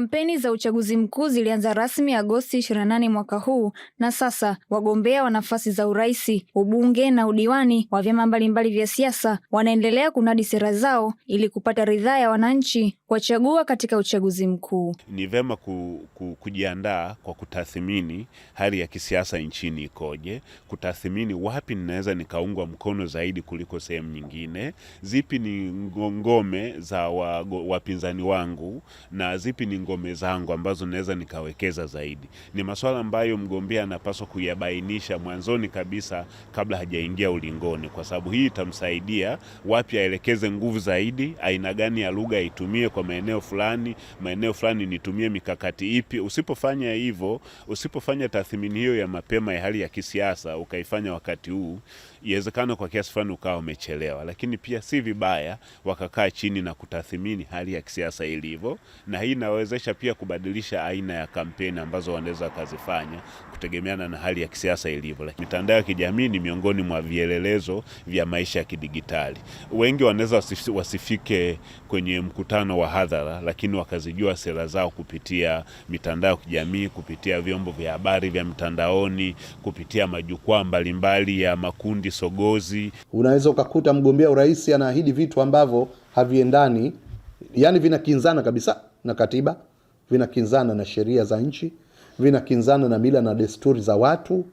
Kampeni za uchaguzi mkuu zilianza rasmi Agosti 28 mwaka huu na sasa wagombea wa nafasi za urais, ubunge na udiwani wa vyama mbalimbali vya siasa wanaendelea kunadi sera zao ili kupata ridhaa ya wananchi kuwachagua katika uchaguzi mkuu. Ni vema ku, ku, kujiandaa kwa kutathmini hali ya kisiasa nchini ikoje, kutathmini wapi ninaweza nikaungwa mkono zaidi kuliko sehemu nyingine, zipi ni ngome za wapinzani wangu na zipi ni ngome zangu ambazo naweza nikawekeza zaidi. Ni masuala ambayo mgombea anapaswa kuyabainisha mwanzoni kabisa kabla hajaingia ulingoni, kwa sababu hii itamsaidia wapi aelekeze nguvu zaidi, aina gani ya lugha aitumie kwa maeneo fulani, maeneo fulani nitumie mikakati ipi. Usipofanya hivyo, usipofanya tathmini hiyo ya mapema ya hali ya kisiasa ukaifanya wakati huu, iwezekana kwa kiasi fulani ukawa umechelewa, lakini pia si vibaya wakakaa chini na kutathmini hali ya kisiasa ilivyo, na hii inawezesha inawawezesha pia kubadilisha aina ya kampeni ambazo wanaweza wakazifanya kutegemeana na hali ya kisiasa ilivyo. Lakini mitandao ya kijamii ni miongoni mwa vielelezo vya maisha ya kidigitali. Wengi wanaweza wasifike kwenye mkutano wa hadhara, lakini wakazijua sera zao kupitia mitandao ya kijamii, kupitia vyombo vya habari vya mtandaoni, kupitia majukwaa mbalimbali ya makundi sogozi. Unaweza ukakuta mgombea urais anaahidi vitu ambavyo haviendani, yani vinakinzana kabisa na katiba vinakinzana na sheria za nchi, vinakinzana na mila na desturi za watu,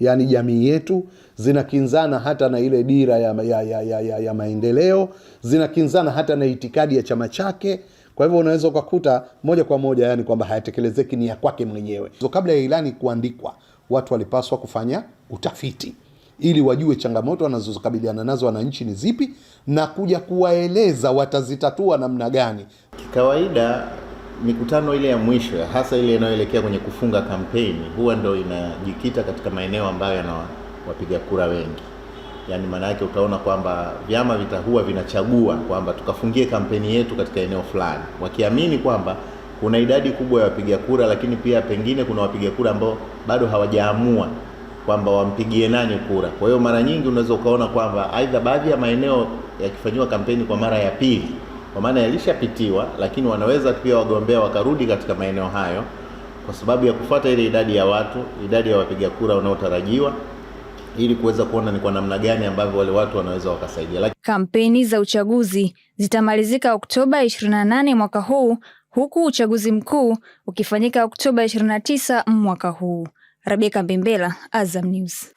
yani jamii yetu, zinakinzana hata na ile dira ya, ya, ya, ya, ya, ya maendeleo, zinakinzana hata na itikadi ya chama chake. Kwa hivyo unaweza ukakuta moja kwa moja, yani kwamba hayatekelezeki, ni ya kwake mwenyewe. So, kabla ya ilani kuandikwa, watu walipaswa kufanya utafiti ili wajue changamoto wanazokabiliana nazo wananchi ni zipi na kuja kuwaeleza watazitatua namna gani. Kikawaida mikutano ile ya mwisho hasa ile inayoelekea kwenye kufunga kampeni huwa ndo inajikita katika maeneo ambayo yana wapiga kura wengi. Yaani maana yake utaona kwamba vyama vitahuwa vinachagua kwamba tukafungie kampeni yetu katika eneo fulani, wakiamini kwamba kuna idadi kubwa ya wapiga kura, lakini pia pengine kuna wapiga kura ambao bado hawajaamua kwamba wampigie nani kura. Kwa hiyo mara nyingi unaweza ukaona kwamba aidha baadhi ya maeneo yakifanyiwa kampeni kwa mara ya pili kwa maana yalishapitiwa, lakini wanaweza pia wagombea wakarudi katika maeneo hayo kwa sababu ya kufuata ile idadi ya watu, idadi ya wapiga kura wanaotarajiwa ili kuweza kuona ni kwa namna gani ambavyo wale watu wanaweza wakasaidia. Lakini kampeni za uchaguzi zitamalizika Oktoba 28 mwaka huu huku uchaguzi mkuu ukifanyika Oktoba 29 mwaka huu. Rebeka Mbembela, Azam News.